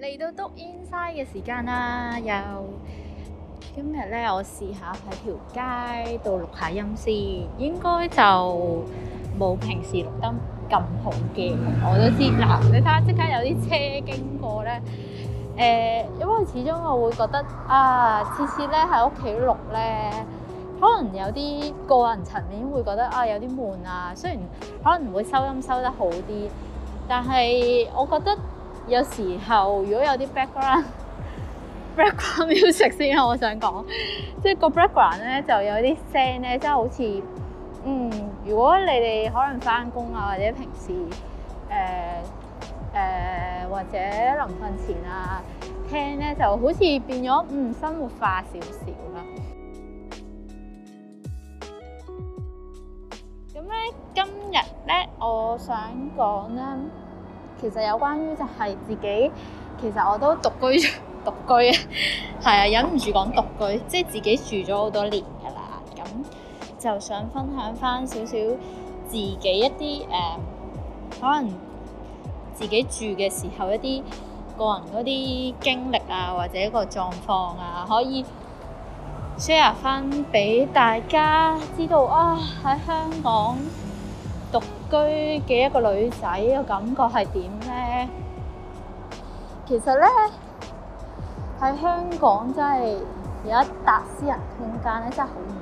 嚟到篤 inside 嘅時間啦，又今日咧，我試下喺條街度錄下音先，應該就冇平時錄得咁好嘅，我都知。嗱，你睇下即刻有啲車經過咧，誒、呃，因為始終我會覺得啊，次次咧喺屋企錄咧，可能有啲個人層面會覺得啊有啲悶啊，雖然可能會收音收得好啲，但係我覺得。有時候如果有啲 background background music 先啊， 我想講，即係個 background 咧就有啲聲咧，即係好似嗯，如果你哋可能翻工啊，或者平時誒誒、呃呃、或者臨瞓前啊聽咧，就好似變咗嗯生活化少少啦。咁咧 今日咧，我想講咧。其實有關於就係自己，其實我都獨居獨居啊，係 啊、嗯，忍唔住講獨居，即係自己住咗好多年㗎啦。咁就想分享翻少少自己一啲誒、呃，可能自己住嘅時候一啲個人嗰啲經歷啊，或者個狀況啊，可以 share 翻俾大家知道啊。喺香港居嘅一個女仔嘅感覺係點咧？其實咧喺香港真係有一笪私人空間咧，真係好唔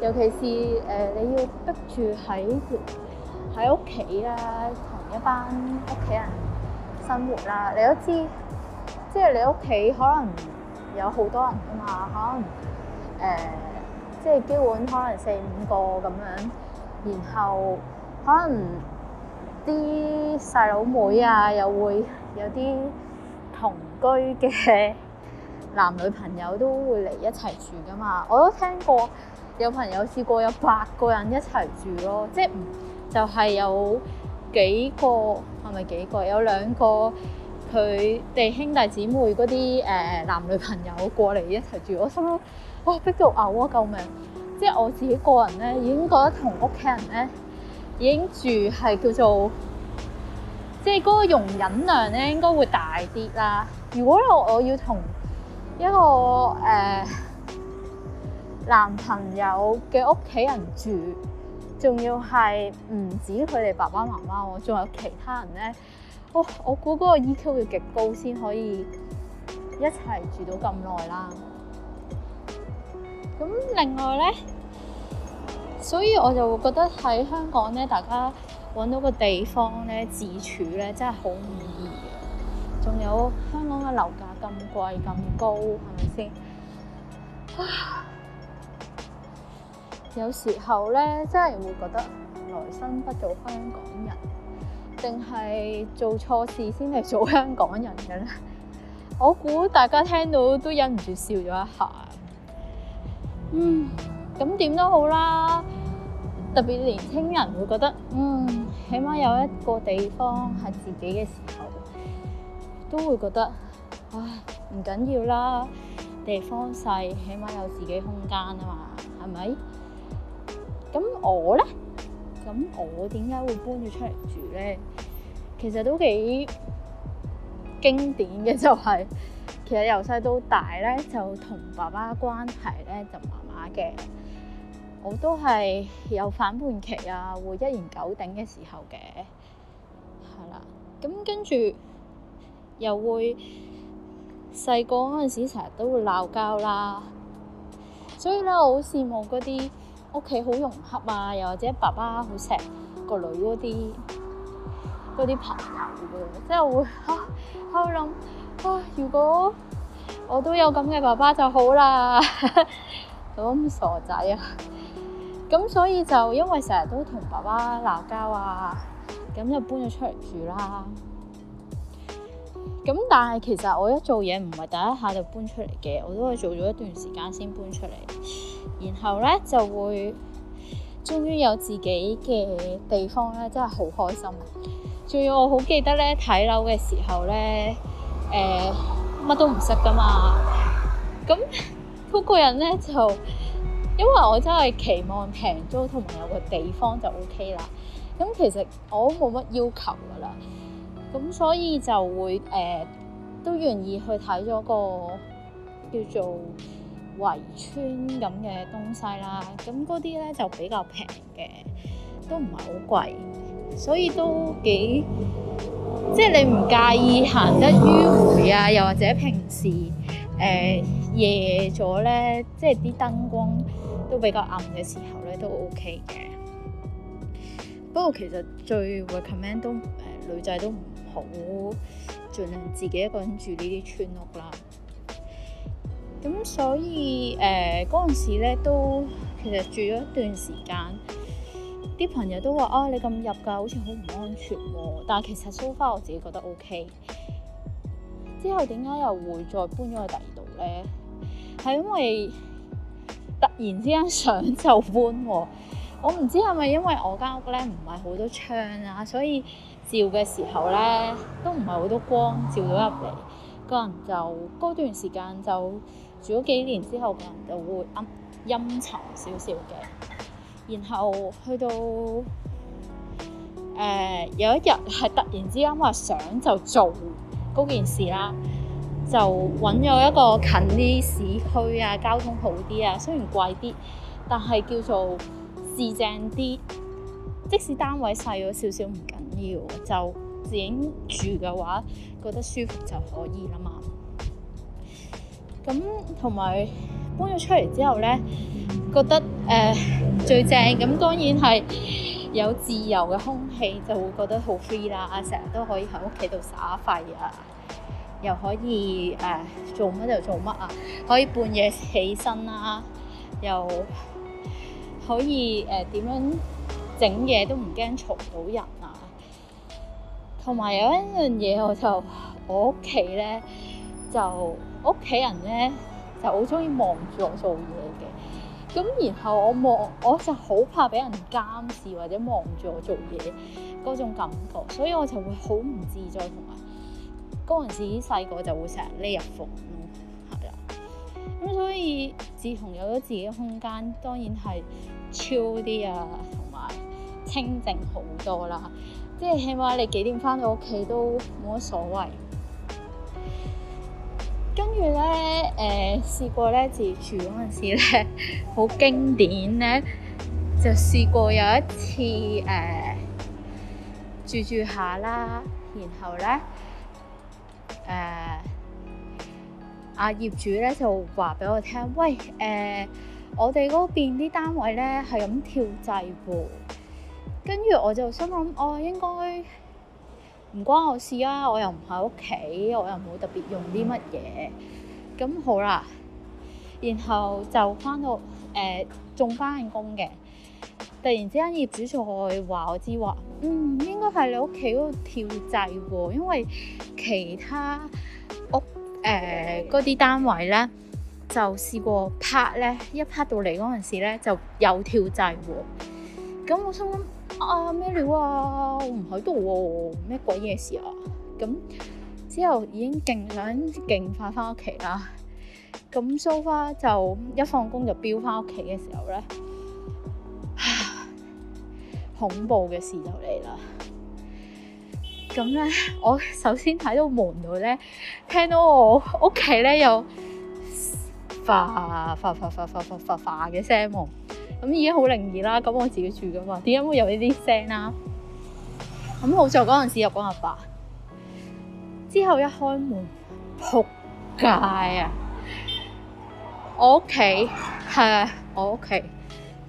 容易。尤其是誒你要逼住喺喺屋企啦，同一班屋企人生活啦。你都知，即係你屋企可能有好多人噶嘛，可能誒即係基本可能四五個咁樣，然後。可能啲細佬妹啊，又會有啲同居嘅男女朋友都會嚟一齊住㗎嘛。我都聽過有朋友試過有八個人一齊住咯，即係就係有幾個係咪幾個？有兩個佢哋兄弟姊妹嗰啲誒男女朋友過嚟一齊住，我心諗哇逼到嘔啊！救命！即係我自己個人呢，已經覺得同屋企人呢。已經住係叫做，即係嗰個容忍量咧，應該會大啲啦。如果我要同一個誒、呃、男朋友嘅屋企人住，仲要係唔止佢哋爸爸媽媽，仲有其他人咧，哇、哦！我估嗰個 EQ 要極高先可以一齊住到咁耐啦。咁另外咧。所以我就會覺得喺香港咧，大家搵到個地方咧，自處咧，真係好唔易嘅。仲有香港嘅樓價咁貴咁高，係咪先？有時候咧，真係會覺得來生不做香港人，定係做錯事先嚟做香港人嘅咧？我估大家聽到都忍唔住笑咗一下。嗯。咁點都好啦，特別年輕人會覺得，嗯，起碼有一個地方係自己嘅時候，都會覺得，唉，唔緊要啦，地方細，起碼有自己空間啊嘛，係咪？咁我咧，咁我點解會搬咗出嚟住咧？其實都幾經典嘅，就係，就係其實由細到大咧，就同爸爸關係咧就麻麻嘅。我都係有反叛期啊，會一言九鼎嘅時候嘅，係啦。咁跟住又會細個嗰陣時，成日都會鬧交啦。所以咧，我好羨慕嗰啲屋企好融洽啊，又或者爸爸好錫個女嗰啲嗰啲朋友啊，即係會啊，我諗啊，如果我都有咁嘅爸爸就好啦，咁 傻仔啊！咁所以就因為成日都同爸爸鬧交啊，咁就搬咗出嚟住啦。咁但係其實我一做嘢唔係第一下就搬出嚟嘅，我都係做咗一段時間先搬出嚟。然後咧就會終於有自己嘅地方咧，真係好開心。仲要我好記得咧，睇樓嘅時候咧，誒乜都唔識㗎嘛，咁嗰個人咧就～因為我真係期望平租同埋有個地方就 OK 啦。咁其實我都冇乜要求㗎喇。咁所以就會誒、呃、都願意去睇咗個叫做圍村咁嘅東西啦。咁嗰啲呢就比較平嘅，都唔係好貴，所以都幾即係你唔介意行得迂迴啊？又或者平時誒、呃、夜咗呢，即係啲燈光，都比較暗嘅時候咧，都 OK 嘅。不過其實最 recommend 都誒、呃、女仔都唔好盡量自己一個人住呢啲村屋啦。咁所以誒嗰陣時咧，都其實住咗一段時間，啲朋友都話：啊，你咁入㗎，好似好唔安全喎、啊。但係其實、so far 我自己覺得 OK。之後點解又會再搬咗去第二度咧？係因為然之間想就搬啊，我唔知係咪因為我間屋咧唔係好多窗啊，所以照嘅時候咧都唔係好多光照到入嚟，個人就嗰段時間就住咗幾年之後，個人就會陰陰沉少少嘅。然後去到誒、呃、有一日係突然之間話想就做嗰件事啦。就揾咗一個近啲市區啊，交通好啲啊，雖然貴啲，但係叫做自正啲。即使單位細咗少少唔緊要，就自己住嘅話，覺得舒服就可以啦嘛。咁同埋搬咗出嚟之後呢，覺得誒、呃、最正咁當然係有自由嘅空氣，就會覺得好 free 啦，成日都可以喺屋企度耍廢啊！又可以誒、呃、做乜就做乜啊！可以半夜起身啦、啊，又可以誒點、呃、樣整嘢，都唔驚嘈到人啊！同埋有，有一樣嘢，我就我屋企咧，就屋企人咧就好中意望住我做嘢嘅。咁然後我望我就好怕俾人監視或者望住我做嘢嗰種感覺，所以我就會好唔自在同埋。嗰陣時，細個就會成日匿入房咯，係啦。咁所以，自從有咗自己空間，當然係超啲啊，同埋清靜好多啦。即係起碼你幾點返到屋企都冇乜所謂。跟住咧，誒、呃、試過咧自住嗰陣時咧，好 經典咧，就試過有一次誒、呃、住住下啦，然後咧。誒，阿、uh, 啊、業主咧就話俾我聽，喂，誒、呃，我哋嗰邊啲單位咧係咁跳制喎，跟住我就心諗，我、哦、應該唔關我事啊，我又唔喺屋企，我又冇特別用啲乜嘢，咁好啦，然後就翻到誒仲翻緊工嘅，突然之間業主就話我知話，嗯，應該係你屋企嗰度跳制喎，因為。其他屋誒嗰啲單位咧，就試過拍咧，一拍到嚟嗰陣時咧，就有跳掣喎。咁我心諗啊咩料啊？唔喺度喎，咩鬼嘢事啊？咁、啊啊、之後已經勁想勁快返屋企啦。咁 so far 就一放工就飆返屋企嘅時候咧，恐怖嘅事就嚟啦～咁咧，我首先睇到門度咧，聽到我屋企咧有發發發發發發發嘅聲喎，咁已經好靈異啦。咁我自己住噶嘛，點解會有聲呢啲聲啦？咁、嗯、好在嗰陣時有講阿爸，之後一開門撲街啊！我屋企係我屋企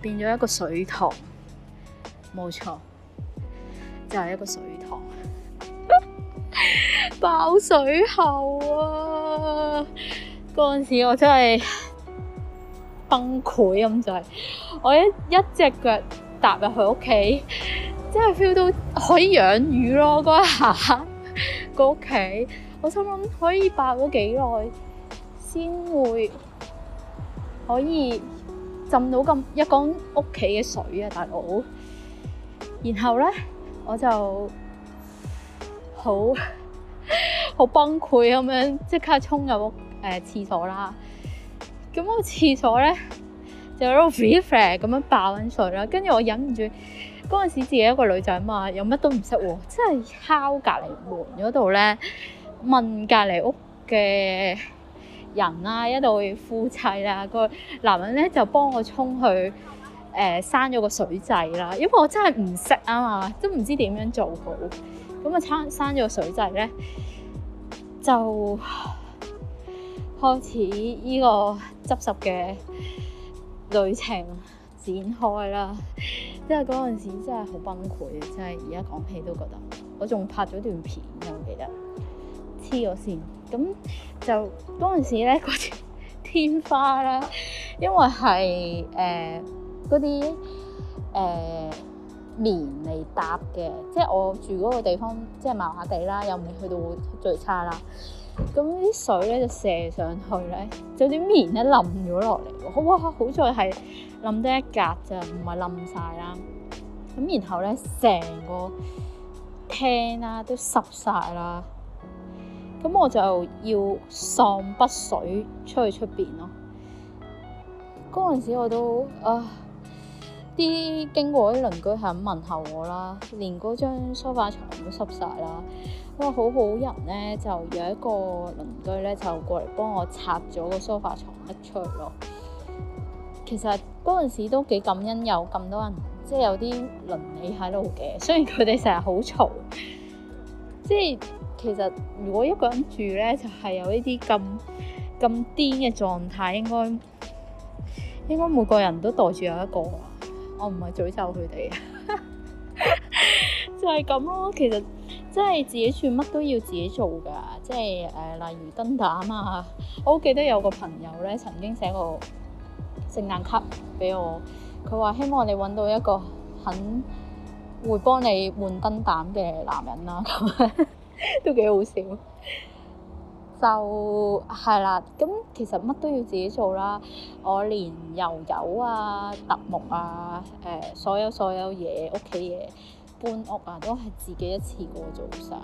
變咗一個水塘，冇錯，就係、是、一個水。爆水喉啊！嗰陣時我真係崩潰咁就係，我一一隻腳踏入佢屋企，真係 feel 到可以養魚咯！嗰一下個屋企，我心諗可以爆咗幾耐先會可以浸到咁一缸屋企嘅水啊！大佬，然後咧我就好。好崩潰咁樣，即刻衝入屋、呃、廁所啦。咁個廁所咧就嗰個 r e f i g e r 咁樣爆緊水啦。跟住我忍唔住，嗰陣時自己一個女仔啊嘛，又乜都唔識喎，真係敲隔離門嗰度咧，問隔離屋嘅人啊，一度夫妻啦、啊個男人咧就幫我沖去誒刪咗個水掣啦，因為我真係唔識啊嘛，都唔知點樣做好。咁啊，刪刪咗個水掣咧。就開始呢個執拾嘅旅程展開啦，因為嗰陣時真係好崩潰，真係而家講起都覺得，我仲拍咗段片嘅，我記得黐咗線。咁就嗰陣時咧，嗰 啲天花啦，因為係誒嗰啲誒。呃棉嚟搭嘅，即係我住嗰個地方，即係麻麻地啦，又未去到最差啦。咁啲水咧就射上去咧，就啲棉咧冧咗落嚟喎。哇！好在係冧得一格就唔係冧晒啦。咁然後咧，成個廳啦、啊、都濕晒啦。咁我就要送筆水出去出邊咯。嗰陣時我都啊～啲經過啲鄰居係咁問候我啦，連嗰張梳化床都濕晒啦。哇，好好人咧，就有一個鄰居咧，就過嚟幫我拆咗個梳化床一出嚟咯。其實嗰陣時都幾感恩，有咁多人即係、就是、有啲鄰里喺度嘅。雖然佢哋成日好嘈，即係其實如果一個人住咧，就係、是、有呢啲咁咁癲嘅狀態，應該應該每個人都袋住有一個。我唔係詛咒佢哋，就係咁咯。其實，即係自己算乜都要自己做㗎。即係誒、呃，例如燈膽啊，我好記得有個朋友咧，曾經寫過聖誕卡俾我，佢話希望你揾到一個肯會幫你換燈膽嘅男人啦，咁 都幾好笑。就係啦，咁其實乜都要自己做啦。我連油油啊、揼木啊、誒、呃、所有所有嘢屋企嘢搬屋啊，都係自己一次過做晒，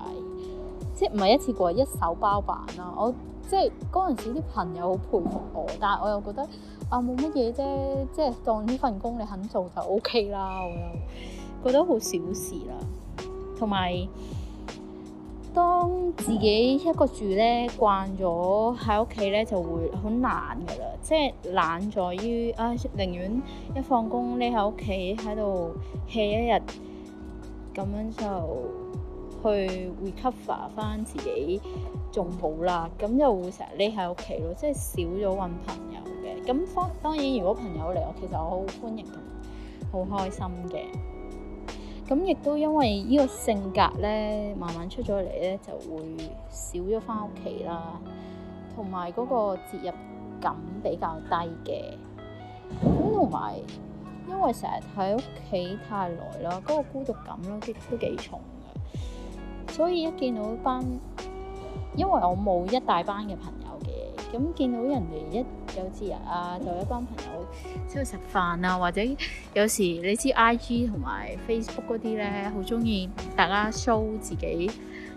即係唔係一次過，一手包辦啦、啊。我即係嗰陣時啲朋友好佩服我，但係我又覺得啊冇乜嘢啫，即係當呢份工你肯做就 OK 啦。我又覺得好小事啦，同埋。當自己一個住咧，慣咗喺屋企咧，就會好懶噶啦，即係懶在於啊，寧願一放工匿喺屋企喺度歇一日，咁樣就去 recover 翻自己仲好啦。咁就會成日匿喺屋企咯，即係少咗揾朋友嘅。咁方當然，如果朋友嚟，我其實我好歡迎同好開心嘅。咁亦都因為呢個性格咧，慢慢出咗嚟咧，就會少咗翻屋企啦，同埋嗰個節日感比較低嘅。同埋因為成日喺屋企太耐啦，嗰、嗰個孤獨感咧都都幾重。所以一見到一班，因為我冇一大班嘅朋友。咁見到人哋一有節日啊，就有一班朋友出去食飯啊，或者有時你知 I G 同埋 Facebook 嗰啲咧，好中意大家 show 自己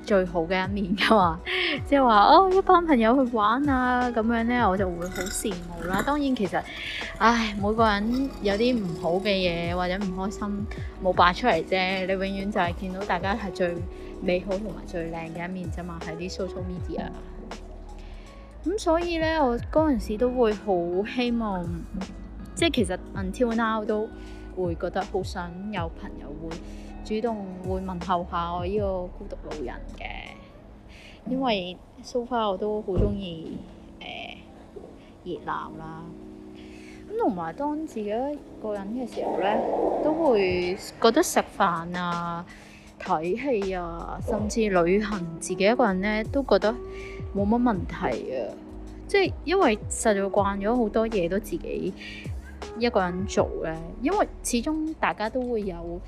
最好嘅一面㗎嘛，即係話哦，一班朋友去玩啊咁樣咧，我就會好羨慕啦。當然其實，唉每個人有啲唔好嘅嘢或者唔開心冇擺出嚟啫，你永遠就係見到大家係最美好同埋最靚嘅一面啫嘛，喺啲 social media。咁所以咧，我嗰陣時都會好希望，即係其實 until now 都會覺得好想有朋友會主動會問候下我呢個孤獨老人嘅，因為 so far 我都好鍾意誒熱鬧啦。咁同埋當自己一個人嘅時候咧，都會覺得食飯啊、睇戲啊，甚至旅行自己一個人咧，都覺得冇乜問題啊！即係因為實在慣咗好多嘢都自己一個人做咧，因為始終大家都會有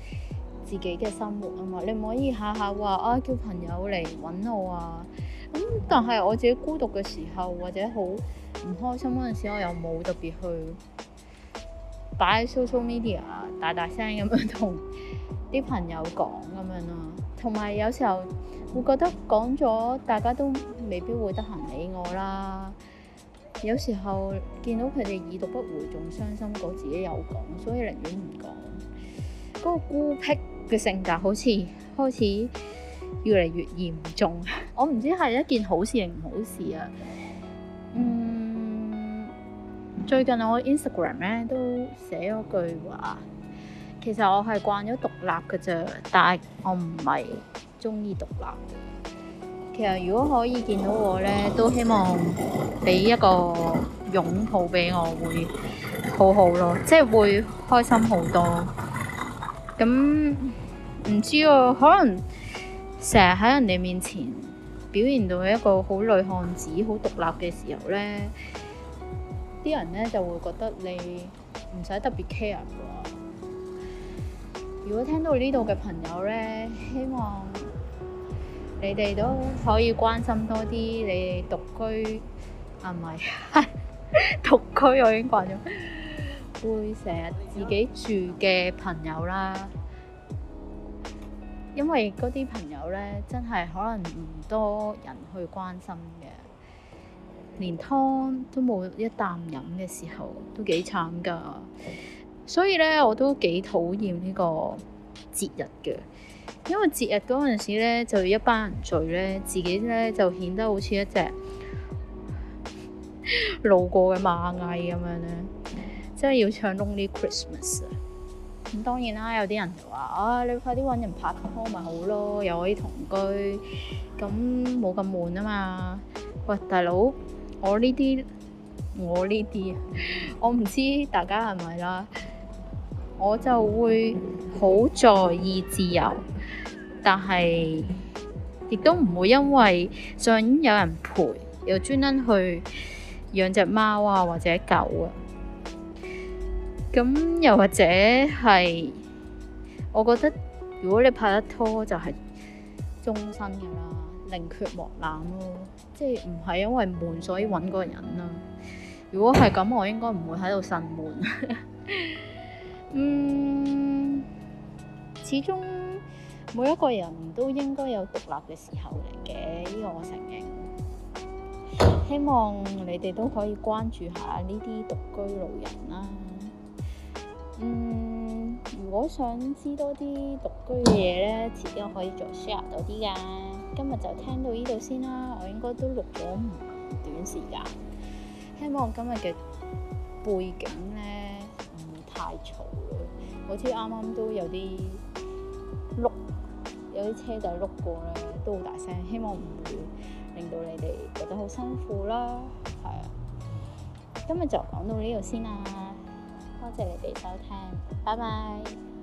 自己嘅生活啊嘛，你唔可以下下話啊叫朋友嚟搵我啊！咁、嗯、但係我自己孤獨嘅時候或者好唔開心嗰陣時，我又冇特別去擺喺 social media 啊，大大聲咁樣同啲朋友講咁樣咯、啊，同埋有，有時候。我覺得講咗，大家都未必會得閒理我啦。有時候見到佢哋已讀不回，仲傷心過自己有講，所以寧願唔講。嗰個孤僻嘅性格好似開始越嚟越嚴重 我唔知係一件好事定唔好事啊。嗯，最近我 Instagram 咧都寫咗句話。其實我係慣咗獨立噶啫，但係我唔係中意獨立。其實如果可以見到我呢，都希望俾一個擁抱俾我，會好好咯，即係會開心好多。咁唔知啊，可能成日喺人哋面前表現到一個好女漢子、好獨立嘅時候呢，啲人呢就會覺得你唔使特別 care。如果聽到呢度嘅朋友呢，希望你哋都可以關心多啲。你哋獨居，啊，唔係？獨居我已經慣咗，會成日自己住嘅朋友啦。因為嗰啲朋友呢，真係可能唔多人去關心嘅，連湯都冇一啖飲嘅時候，都幾慘㗎。所以咧，我都幾討厭呢個節日嘅，因為節日嗰陣時咧，就要一班人聚咧，自己咧就顯得好似一隻 路過嘅螞蟻咁樣咧，即係要唱 Lonely Christmas 啊！咁 當然啦，有啲人就話：啊，你快啲搵人拍拖咪好咯，又可以同居，咁冇咁悶啊嘛！喂，大佬，我呢啲，我呢啲， 我唔知大家係咪啦。我就會好在意自由，但係亦都唔會因為想有人陪，又專登去養隻貓啊或者狗啊。咁又或者係，我覺得如果你拍得拖就係終身嘅啦，寧缺毋濫咯，啊。即係唔係因為悶所以揾個人咯，啊。如果係咁，我應該唔會喺度呻悶。 嗯，始終每一個人都應該有獨立嘅時候嚟嘅，呢個我承認。希望你哋都可以關注下呢啲獨居老人啦。嗯，如果想知多啲獨居嘅嘢咧，遲啲我可以再 share 到啲噶。今日就聽到呢度先啦，我應該都錄咗唔短時間。希望今日嘅背景咧。太嘈啦！好似啱啱都有啲碌，有啲車就碌過咧，都好大聲。希望唔會令到你哋覺得好辛苦啦。係啊，今日就講到呢度先啦。多謝你哋收聽，拜拜。